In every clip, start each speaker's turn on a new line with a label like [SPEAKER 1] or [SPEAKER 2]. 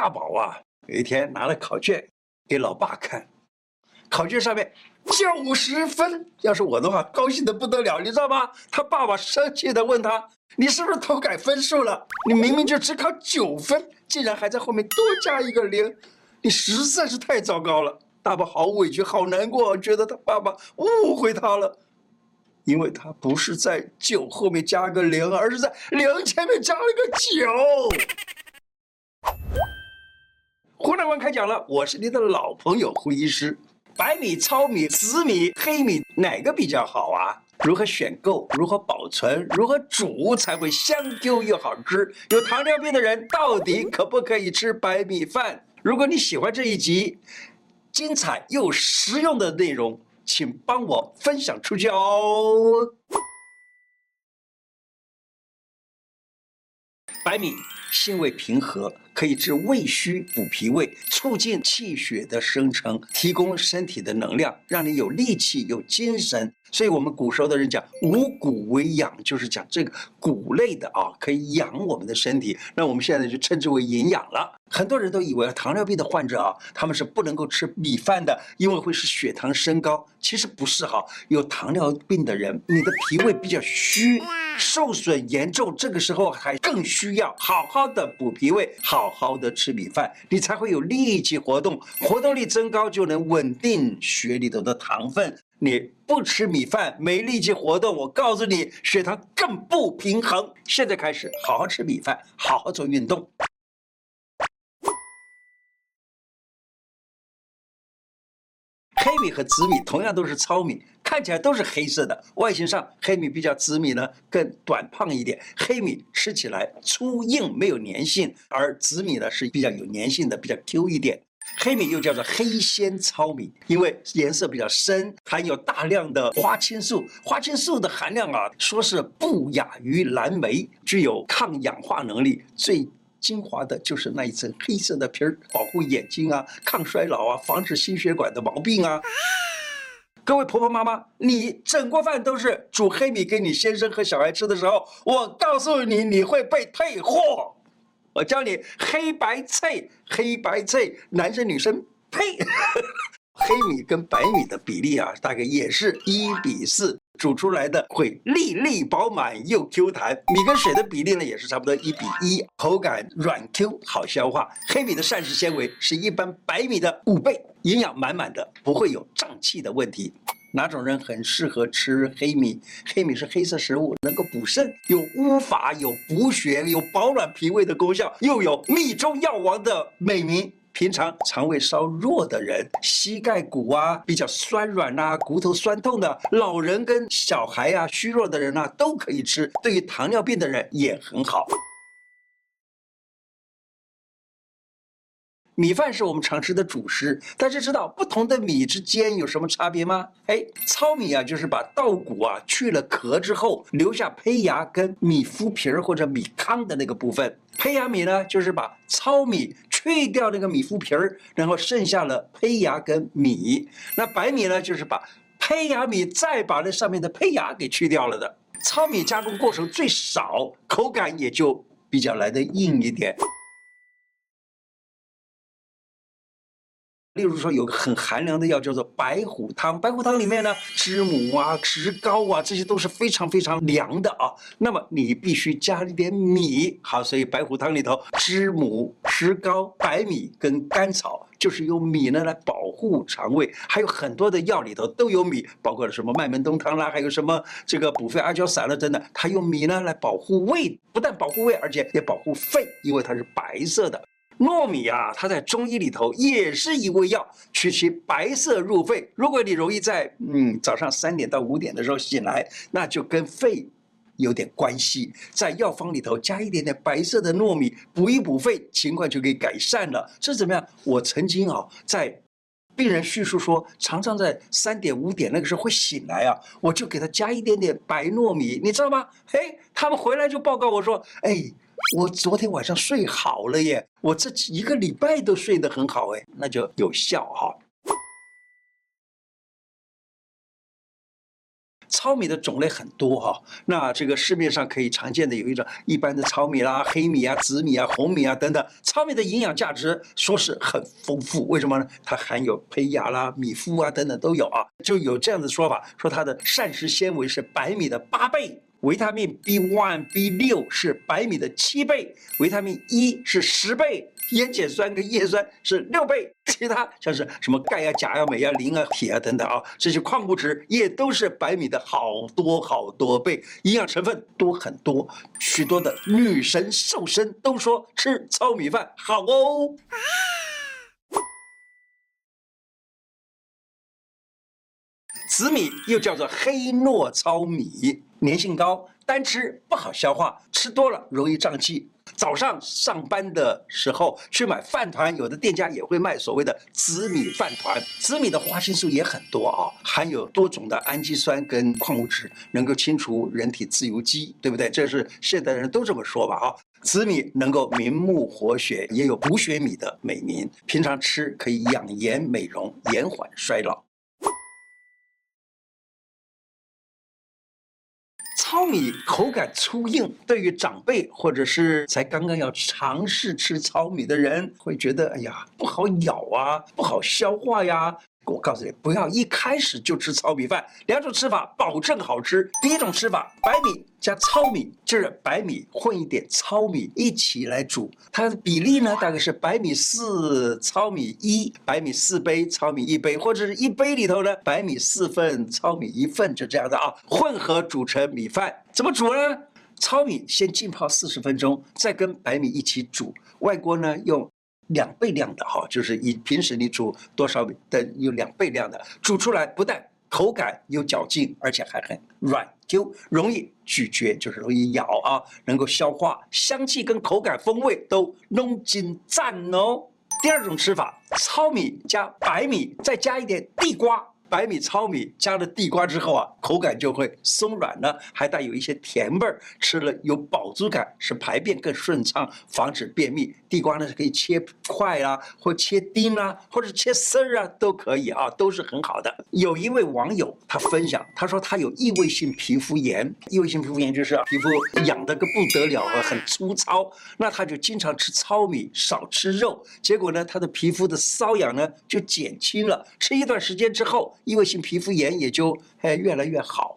[SPEAKER 1] 大寶啊，有一天拿了考卷給老爸看，考卷上面九十分。要是我的話，高興得不得了，你知道嗎？他爸爸生氣的問他：“你是不是偷改分數了？你明明就只考九分，竟然還在後面多加一個零，你實在是太糟糕了！”大寶好委屈，好難過，覺得他爸爸誤會他了，因為他不是在九後面加個零，而是在零前面加了個九。胡乃文開講了，我是你的老朋友胡醫師。白米、糙米、紫米、黑米，哪個比較好啊？如何選購？如何保存？如何煮才會香 Q 又好吃？有糖尿病的人到底可不可以吃白米飯？如果你喜歡這一集，精彩又實用的內容，請幫我分享出去哦。
[SPEAKER 2] 白米性味平和。可以治胃
[SPEAKER 1] 虛、補脾胃、促進氣血的生成、提供身體的能量，讓你有力氣、有精神。所以，我們古時候的人講“五穀為養”，就是講這個穀類的啊，可以養我們的身體。那我們現在就稱之為營養了。很多人都以為糖尿病的患者啊，他們是不能夠吃米飯的，因為會使血糖升高。其實不是哈，有糖尿病的人，你的脾胃比較虛，受損嚴重，這個時候還更需要好好的補脾胃，好。好好的吃米飯，你才會有力氣活動，活動力增高就能穩定血裡頭的糖分。你不吃米飯，沒力氣活動，我告訴你，血糖更不平衡。現在開始，好好吃米飯，好好做運動。
[SPEAKER 2] 黑米和紫米
[SPEAKER 1] 同樣都是糙米。看起來都是黑色的，外形上黑米比較紫米呢更短胖一點。黑米吃起來粗硬沒有粘性，而紫米呢是比較有粘性的，比較 Q 一點。黑米又叫做黑仙糙米，因為顏色比較深，含有大量的花青素，花青素的含量啊說是不亞於藍莓，具有抗氧化能力。最精華的就是那一層黑色的皮兒，保護眼睛啊，抗衰老啊，防止心血管的毛病啊。各位婆婆媽媽，你整鍋飯都是煮黑米給你先生和小孩吃的時候，我告訴你，你會被退貨。我教你黑白配，黑白配，男生女生，配！ 黑米跟白米的比例啊，大概也是一比四。煮出來的會粒粒飽滿又 Q 彈，米跟水的比例呢也是差不多一比一，口感軟 Q 好消化。黑米的膳食纖維是一般白米的五倍，營養滿滿的，不會有脹氣的問題。哪種人很適合吃黑米？黑米是黑色食物，能夠補腎，有烏髮，有補血，有保暖脾胃的功效，又有“米中藥王”的美名。平常腸胃稍弱的人，膝蓋骨啊比較酸軟吶、啊，骨頭酸痛的老人跟小孩啊，虛弱的人啊都可以吃。對於
[SPEAKER 2] 糖尿病的人也很好。
[SPEAKER 1] 米飯是我們常吃的主食，大家知道不同的米之間有什麼差別嗎？哎，糙米啊，就是把稻谷啊去了殼之後，留下胚芽跟米麩皮兒或者米糠的那個部分。胚芽米呢，就是把糙米。去掉那個米麩皮兒，然後剩下了胚芽跟米。那白米呢，就是把胚芽米再把那上面的胚芽給去掉了的。糙米加工過程最少，口感也就比較來得硬一點。
[SPEAKER 2] 例如說，有個很寒涼的藥叫做白虎湯。白
[SPEAKER 1] 虎湯裡面呢，知母啊、石膏啊，這些都是非常非常涼的啊。那麼你必須加一點米，好，所以白虎湯裡頭，知母、石膏、白米跟甘草，就是用米呢來保護腸胃。還有很多的藥裡頭都有米，包括了什麼麥門冬湯啦，還有什麼這個補肺阿膠散了，真的，它用米呢來保護胃，不但保護胃，而且也保護肺，因為它是白色的。糯米啊，它在中醫裡頭也是一味藥，取其白色入肺。如果你容易在嗯早上三點到五點的時候醒來，那就跟肺有點關係。在藥方裡頭加一點點白色的糯米，補一補肺，情況就可以改善了。這怎麼樣？我曾經啊在病人敘述說，常常在三點五點那個時候會醒來啊，我就給他加一點點白糯米，你知道嗎？哎，他們回來就報告我說，哎。我昨天晚上睡好了耶，我這一個禮拜都睡得很好哎，那就有效哈、啊。糙米的種類很多哈、啊，那這個市面上可以常見的有一種一般的糙米啦、黑米啊、紫米啊、紅米啊等等。糙米的營養價值說是很豐富，為什麼呢？它含有胚芽啦、米麩啊等等都有啊，就有這樣的說法，說它的膳食纖維是白米的八倍。維他命 B one、B 六是白米的七倍，維他命 E 是十倍，菸鹼酸跟葉酸是六倍，其他像是什麼鈣呀、鉀呀、鎂呀、磷啊、鐵啊，鐵啊等等啊，這些礦物質也都是白米的好多好多倍，營養成分多很多，許多的女神瘦身都說吃糙米飯好哦。紫米又叫做黑糯糙米，粘性高，單吃不好消化，吃多了容易脹氣。早上上班的時候去買飯糰，有的店家也會賣所謂的紫米飯糰。紫米的花青素也很多啊、哦，含有多種的氨基酸跟礦物質，能夠清除人體自由基，對不對？這是現代人都這麼說吧、哦？啊，紫米能夠明目活血，也有補血米的美名。平常吃可以養顏美容，延緩衰老。
[SPEAKER 2] 糙米口感粗
[SPEAKER 1] 硬，對於長輩或者是才剛剛要嘗試吃糙米的人，會覺得哎呀，不好咬啊，不好消化呀。我告訴你，不要一開始就吃糙米飯，兩種吃法保證好吃。第一種吃法，白米加糙米，就是白米混一點糙米一起來煮，它的比例呢，大概是白米四、糙米一，白米四杯、糙米一杯，或者是一杯裡頭呢，白米四份、糙米一份，就這樣的啊，混合煮成米飯。怎麼煮呢？糙米先浸泡四十分鐘，再跟白米一起煮。外鍋呢用，兩倍量的哈，就是以平時你煮多少的有兩倍量的。煮出來不但口感有嚼勁，而且還很軟 Q，容易咀嚼，就是容易咬啊，能夠消化，香氣跟口感風味都攏真讚哦。第二種吃法，糙米加白米，再加一點地瓜。白米、糙米加了地瓜之後啊，口感就會鬆軟呢，還帶有一些甜味兒，吃了有飽足感，使排便更順暢，防止便秘。地瓜呢，是可以切塊啊，或切丁啊，或者切絲兒啊，都可以啊，都是很好的。有一位網友他分享，他說他有異位性皮膚炎，異位性皮膚炎就是、啊、皮膚癢得個不得了啊，很粗糙。那他就經常吃糙米，少吃肉，結果呢，他的皮膚的瘙癢呢就減輕了。吃一段時間之後。異位性皮膚炎也就哎越來越好。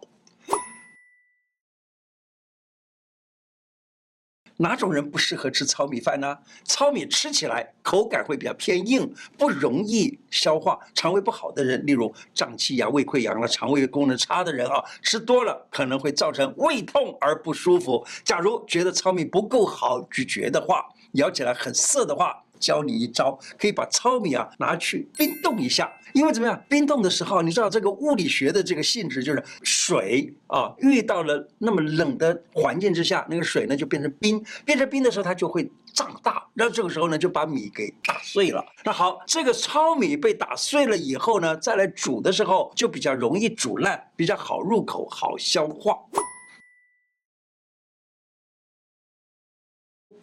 [SPEAKER 1] 哪種人不適合吃糙米飯呢？糙米吃起來口感會比較偏硬，不容易消化。腸胃不好的人，例如脹氣呀、啊、胃潰瘍了、腸胃功能差的人啊，吃多了可能會造成胃痛而不舒服。假如覺得糙米不夠好咀嚼的話，咬起來很澀的話。教你一招，可以把糙米啊拿去冰凍一下，因為怎麼樣？冰凍的時候，你知道這個物理學的這個性質就是水啊，遇到了那麼冷的環境之下，那個水呢就變成冰，變成冰的時候它就會脹大，那這個時候呢就把米給打碎了。那好，這個糙米被打碎了以後呢，再來煮的時候就比較容易煮爛，比較好入口，好消化。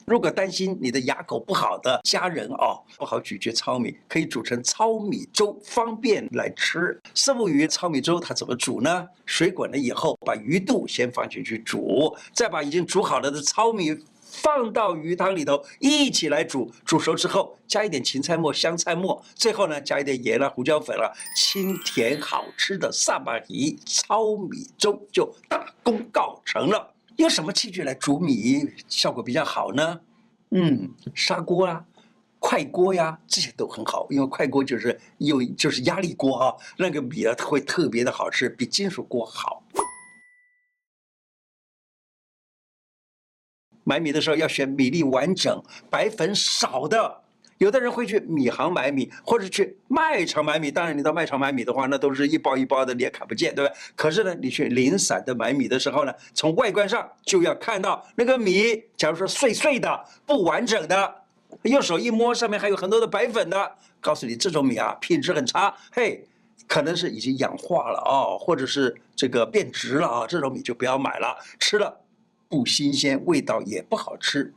[SPEAKER 1] 如果擔心你的牙口不好的家人哦，不好咀嚼糙米，可以煮成糙米粥，方便來吃。虱目魚糙米粥它怎麼煮呢？水滾了以後，把魚肚先放進去煮，再把已經煮好了的糙米放到魚湯裡頭一起來煮。煮熟之後，加一點芹菜末、香菜末，最後呢加一點鹽啊、胡椒粉啊。清甜好吃的虱目魚糙米粥,糙米粥,糙米粥就大功告成了。用什麼器具來煮米效果比較好呢？嗯，砂鍋啊，快鍋呀，這些都很好。因為快鍋就是有，就是壓力鍋啊，那個米啊會特別的好吃，比金屬鍋好。買米的時候要選米粒完整、白粉少的。有的人會去米行買米，或者去賣場買米。當然，你到賣場買米的話，那都是一包一包的，你也看不見，對吧？可是呢，你去零散的買米的時候呢，從外觀上就要看到那個米，假如說碎碎的、不完整的，用手一摸，上面還有很多的白粉的，告訴你這種米啊，品質很差。嘿，可能是已經氧化了啊、哦，或者是這個變質了啊、哦，這種米就不要買了，吃了不新
[SPEAKER 2] 鮮，味道也不好吃。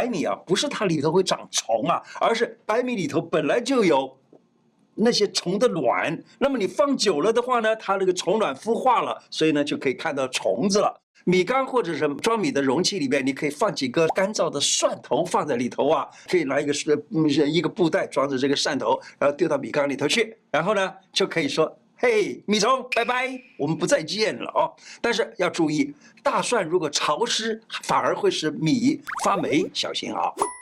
[SPEAKER 1] 白米啊，不是它裡頭會長蟲啊，而是白米裡頭本來就有那些蟲的卵。那麼你放久了的話呢，它那個蟲卵孵化了，所以呢就可以看到蟲子了。米缸、或者什麼裝米的容器裡面，你可以放幾個乾燥的蒜頭放在裡頭啊，可以拿一個是、嗯、一個布袋裝着這個蒜頭，然後丟到米缸裡頭去，然後呢就可以說。嘿、hey，米蟲，拜拜，我們不再見了哦。但是要注意，大蒜如果潮濕，反而會使米
[SPEAKER 2] 發霉，小心啊、哦。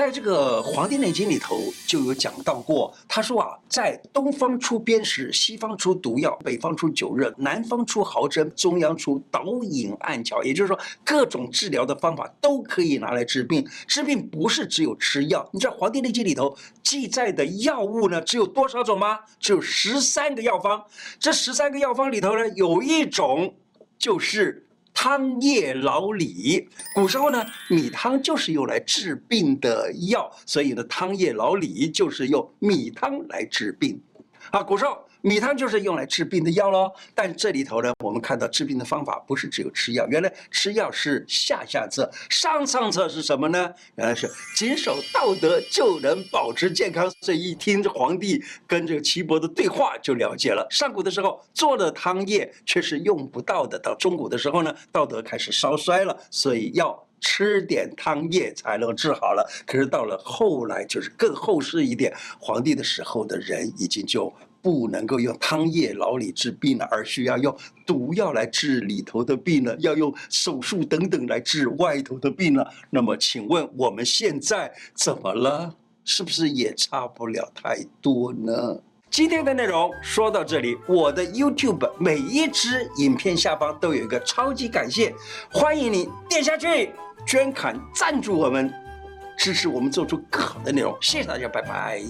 [SPEAKER 1] 在這個《黃帝內經》裡頭就有講到過，他說啊，在東方出砭石，西方出毒藥，北方出灸焫，南方出毫針，中央出導引按蹻，也就是說，各種治療的方法都可以拿來治病。治病不是只有吃藥，你知道《黃帝內經》裡頭記載的藥物呢，只有多少種嗎？只有十三個藥方。這十三個藥方裡頭呢，有一種就是。湯液醪醴，古時候呢，米湯就是用來治病的藥，所以呢，湯液醪醴就是用米湯來治病，啊，古時候。米湯就是用來治病的藥咯。但這裡頭呢，我們看到治病的方法不是只有吃藥，原來吃藥是下下策，上上策是什麼呢？原來是謹守道德就能保持健康。所以一聽這皇帝跟這個岐伯的對話就了解了。上古的時候做了湯液卻是用不到的，到中古的時候呢，道德開始稍衰了，所以要吃點湯液才能治好了。可是到了後來，就是更後世一點，皇帝的時候的人已經就。不能夠用湯液、醪醴治病了，而需要用毒藥來治裡頭的病了，要用手術等等來治外頭的病了。那麼，請問我們現在怎麼了？是不是也差不了太多呢？今天的內容說到這裡，我的 YouTube 每一支影片下方都有一個超級感謝，歡迎你點下去捐款贊助我們，支持我們做出更好的內容。謝謝大家，拜拜。